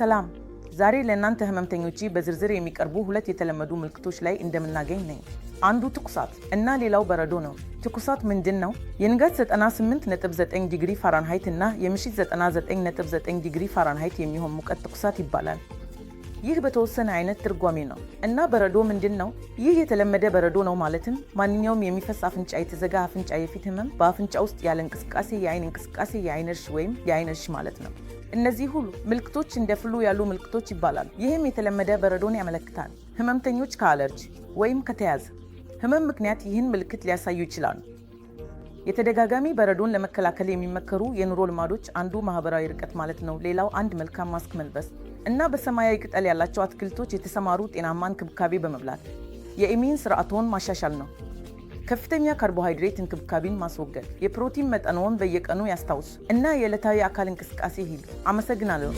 ሰላም። ዛሬ ለእናንተ ህመምተኞች በዝርዝር የሚቀርቡ ሁለት የተለመዱ ምልክቶች ላይ እንደምናገኝ ነኝ። አንዱ ትኩሳት እና ሌላው በረዶ ነው። ትኩሳት ምንድን ነው? የንጋት 98.9 ዲግሪ ፋራንሃይት እና የምሽት 99.9 ዲግሪ ፋራንሃይት የሚሆን ሙቀት ትኩሳት ይባላል። ይህ በተወሰነ አይነት ትርጓሜ ነው። እና በረዶ ምንድን ነው? ይህ የተለመደ በረዶ ነው ማለትም ማንኛውም የሚፈስ አፍንጫ፣ የተዘጋ አፍንጫ፣ የፊት ህመም፣ በአፍንጫ ውስጥ ያለ እንቅስቃሴ፣ የአይን እንቅስቃሴ፣ የአይን እርሽ ወይም የአይን እርሽ ማለት ነው። እነዚህ ሁሉ ምልክቶች እንደ ፍሉ ያሉ ምልክቶች ይባላሉ። ይህም የተለመደ በረዶን ያመለክታል። ህመምተኞች ከአለርጂ ወይም ከተያዘ ህመም ምክንያት ይህን ምልክት ሊያሳዩ ይችላሉ። የተደጋጋሚ በረዶን ለመከላከል የሚመከሩ የኑሮ ልማዶች አንዱ ማህበራዊ ርቀት ማለት ነው። ሌላው አንድ መልካም ማስክ መልበስ እና በሰማያዊ ቅጠል ያላቸው አትክልቶች የተሰማሩ ጤናማ እንክብካቤ በመብላት የኢሚን ስርዓቶን ማሻሻል ነው። ከፍተኛ ካርቦሃይድሬት እንክብካቤን ማስወገድ፣ የፕሮቲን መጠንዎን በየቀኑ ያስታውሱ እና የዕለታዊ አካል እንቅስቃሴ ሂዱ። አመሰግናለሁ።